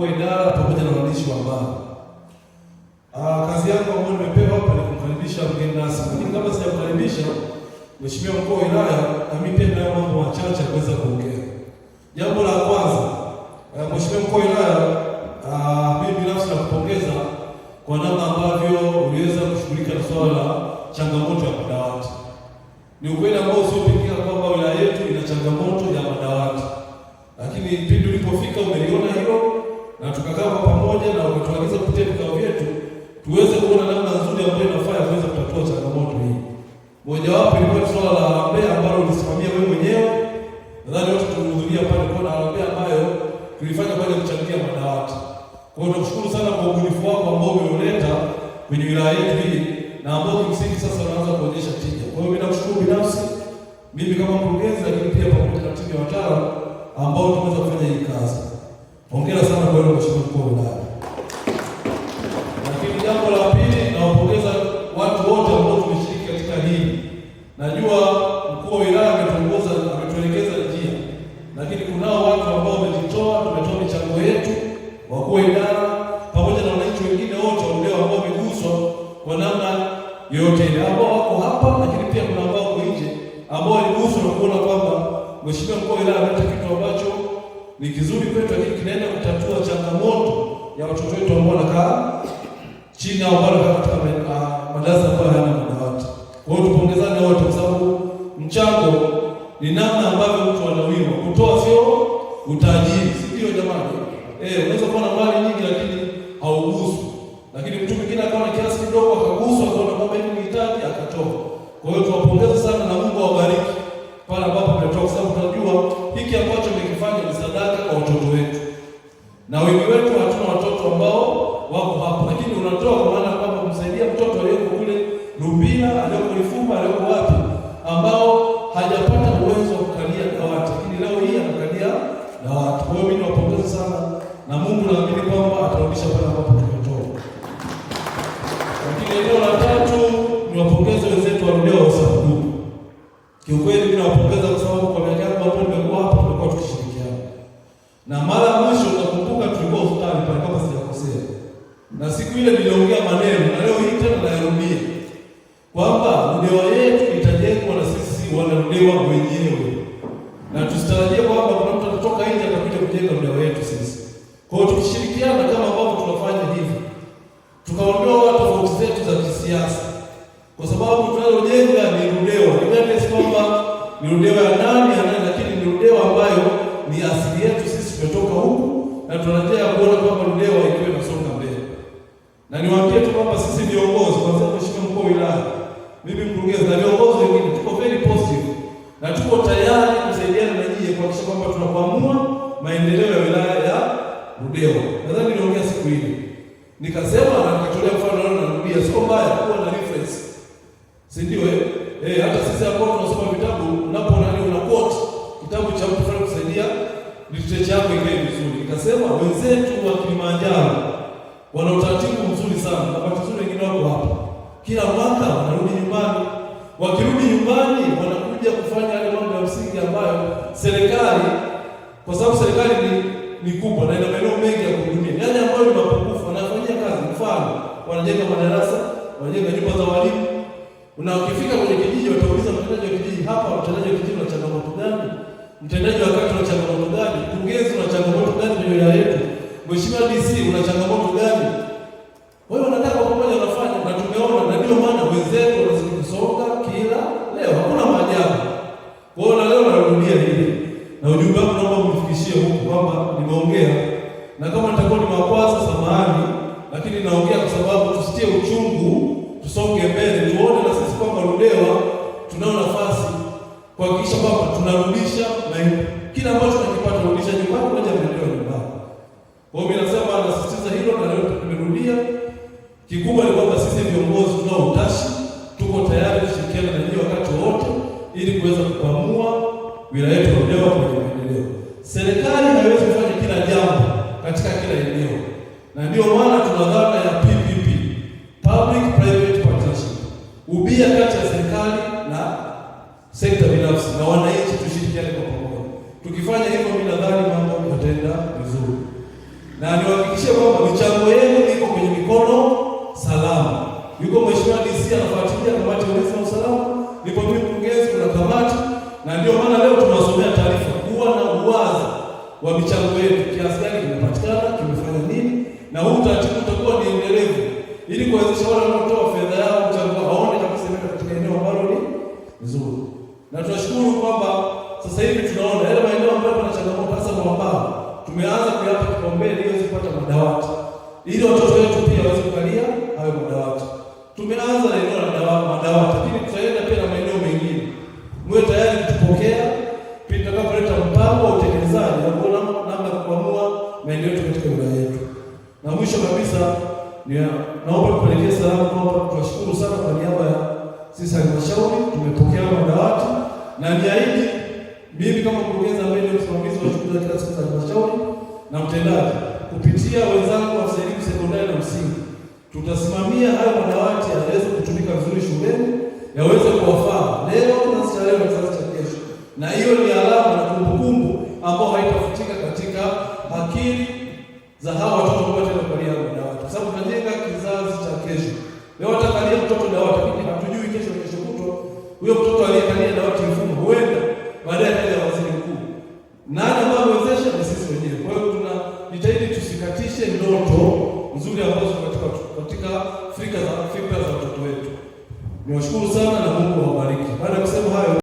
wakuu idara pamoja na waandishi wa habari. Ah, Kazi yangu ambayo nimepewa hapa ni kumkaribisha mgeni rasmi, lakini kabla sijakukaribisha mheshimiwa mkuu wa wilaya, na mimi pia ninayo mambo machache kuweza kuongea. Jambo la kwanza, eh, mheshimiwa mkuu wa wilaya, ah, mimi binafsi nakupongeza kwa namna ambavyo uliweza kushughulika na swala la changamoto ya madawati. Ni ukweli ambao usiopingika kwamba wilaya yetu ina changamoto ya madawati, lakini pindi ulipofika umeliona hilo na tukakaa kwa pamoja na ukatuagiza kupitia vikao vyetu tuweze kuona namna nzuri ambayo inafaa kuweza kutatua changamoto hii. Mojawapo ilikuwa ni swala la harambee ambalo ulisimamia wewe mwenyewe, nadhani wote tulihudhuria pale. Kwa na harambee ambayo tulifanya kwa ajili ya kuchangia madawati. Kwa hiyo tunashukuru sana kwa ubunifu wako ambao umeuleta kwenye wilaya yetu hii na ambao kimsingi sasa unaanza kuonyesha tija. Kwa hiyo mimi nakushukuru binafsi, mimi kama mkurugenzi, lakini pia pamoja na timu ya wataalamu ambao tumeweza kufanya hii kazi. Hongera sana kwa hilo mheshimiwa mkuu wa wilaya. Lakini jambo la pili, nawapongeza watu wote ambao tumeshiriki katika hili. Najua mkuu wa wilaya ametuongoza, ametuelekeza njia, lakini kunao watu ambao wamejitoa, tumetoa michango yetu, wakuu wa idara pamoja na wananchi wengine wote waleo ambao wameguswa kwa namna yoyote ile, ambao wako hapa, lakini pia kuna ambao nje ambao waliguswa na kuona kwamba mheshimiwa mkuu wa wilaya ameta kitu ambacho ni kizuri kwetu, lakini kinaenda kutatua changamoto ya watoto wetu ambao wanakaa chini au bado katika ah, madarasa ambayo hayana madawati. Kwa hiyo tupongezane wote, kwa sababu mchango ni namna ambavyo mtu anawiwa kutoa, sio utajiri, si ndio jamani? Eh, unaweza kuwa na mali nyingi lakini hauguswi, lakini mtu mwingine akawa na kiasi kidogo akaguswa, akaona kwamba ni nihitaji, akatoa. Kwa hiyo mkubwa alioko wapi, ambao hajapata uwezo wa kukalia dawati, lakini leo hii anakalia dawati. Kwa hiyo mimi sana, na Mungu naamini kwamba atarudisha pale ambapo Lakini eneo la tatu, wenzetu wa Ludewa Usafi Kiukweli mimi nawapongeza kwa sababu kwa miaka yangu ambayo nimekuwa hapa tumekuwa tukishirikiana, na mara mwisho tulikuwa hospitali pale, kama sijakosea, na siku ile niliongea maneno na leo hii tena nayarudia kwamba Ludewa yetu itajengwa na sisi wanaludewa wenyewe, na tusitarajie kwamba kuna mtu atatoka nje atakuja kujenga Ludewa yetu sisi. Kwa hiyo tukishirikiana kama ambavyo tunafanya hivi, tukaondoa tofauti zetu za kisiasa, kwa sababu tunalojenga ni Ludewa iati kwamba ni Ludewa ya nani ya nani, lakini ni Ludewa ambayo ni asili yetu sisi, tumetoka huku na tunataka kuona kwamba Ludewa ikiwe inasonga mbele, na niwaambie tu kwamba sisi viongozi, kwanza Mheshimiwa mkuu wa wilaya mimi mkurugenzi na viongozi wengine tuko very positive na tuko tayari kusaidiana na nyinyi kuhakikisha kwamba tunakwamua maendeleo ya wilaya ya Ludewa. Nadhani niliongea siku ile nikasema na nikatolea mfano na narudia, sio mbaya kuwa na reference, si ndio? Eh, eh, hata sisi hapo tunasoma vitabu, unapoona leo una quote kitabu cha mtu fulani kusaidia literature yako ikae vizuri. Nikasema wenzetu wa Kilimanjaro wana utaratibu mzuri sana, na watu wengine wako hapa kila mwaka wanarudi nyumbani. Wakirudi nyumbani, wanakuja kufanya yale mambo ya msingi ambayo serikali, kwa sababu serikali ni, ni kubwa na ina maeneo mengi ya kuhudumia, yale yaani ambayo ni mapungufu wanafanyia kazi. Mfano, wanajenga madarasa, wanajenga nyumba za walimu, na wakifika kwenye kijiji watauliza mtendaji wa kijiji, hapa mtendaji wa kijiji na changamoto gani? Mtendaji wa kata na changamoto gani? Mkurugenzi na changamoto gani kwenye wilaya yetu? Mheshimiwa DC una changamoto gani? familia hivi na ujumbe wangu naomba mfikishie huko kwamba nimeongea, na kama nitakuwa ni nimewakwaza, samahani, lakini naongea kwa sababu tusitie uchungu, tusonge mbele, tuone na sisi kwamba Ludewa tunao nafasi kuhakikisha kwamba tunarudisha na kila ambacho tunakipata rudisha nyumbani, moja mwendewa nyumbani. Kwa hiyo mimi nasema, nasisitiza hilo na leo tumerudia. Kikubwa ni kwamba sisi viongozi tunao utashi, tuko tayari kushirikiana na nyinyi wakati wote ili kuweza kupamua wilaya yetu Ludewa kwenye maendeleo. Serikali haiwezi kufanya kila jambo katika kila eneo, na maana tuna dhana ya PPP, public private partnership, ubia kati ya serikali na sekta binafsi na wananchi, tushirikiane kwa pamoja. Tukifanya hivyo, mimi nadhani mambo yataenda vizuri, na niwahakikishie kwamba michango yenu iko kwenye mikono salama. Yuko mheshimiwa DC anafuatilia kamati ya ulinzi na usalama, mimi mkurugenzi, kuna kamati na ndio maana wa michango yetu, kiasi gani kimepatikana, kimefanya nini, na huu utaratibu utakuwa ni endelevu, ili kuwezesha wale wanaotoa fedha yao mchango waone na kusemeka katika eneo ambalo ni nzuri. Na tunashukuru kwamba sasa hivi tunaona yale maeneo ambayo pana changamoto hasa kwa mbao, tumeanza kuyapa kipaumbele ili kupata madawati, ili watoto wetu pia waweze kukalia hayo madawati. Tumeanza eneo la madawati lakini na niahidi mimi kama mkurugenzi ambaye ndio msimamizi wa shughuli za kila siku za halmashauri na mtendaji, kupitia wenzangu wa elimu sekondari na msingi, tutasimamia hayo madawati yaweze kutumika vizuri shuleni, yaweze kuwafaa leo na starehe na kizazi cha kesho, na hiyo ni alama na kumbukumbu ambayo haitafutika katika akili za hawa watoto ambao watakalia madawati, kwa sababu tunajenga kizazi cha kesho. Leo atakalia mtoto dawati, lakini hatujui kesho kesho huyo mtoto aliyekalia dawati mfumo huenda baadaye akaja waziri mkuu. Nani ambaye amewezesha? Ni sisi wenyewe. Kwa hiyo tunajitahidi tusikatishe ndoto nzuri ambazo katika katika Afrika za Afrika za watoto wetu. Niwashukuru sana na Mungu awabariki. Baada ya kusema hayo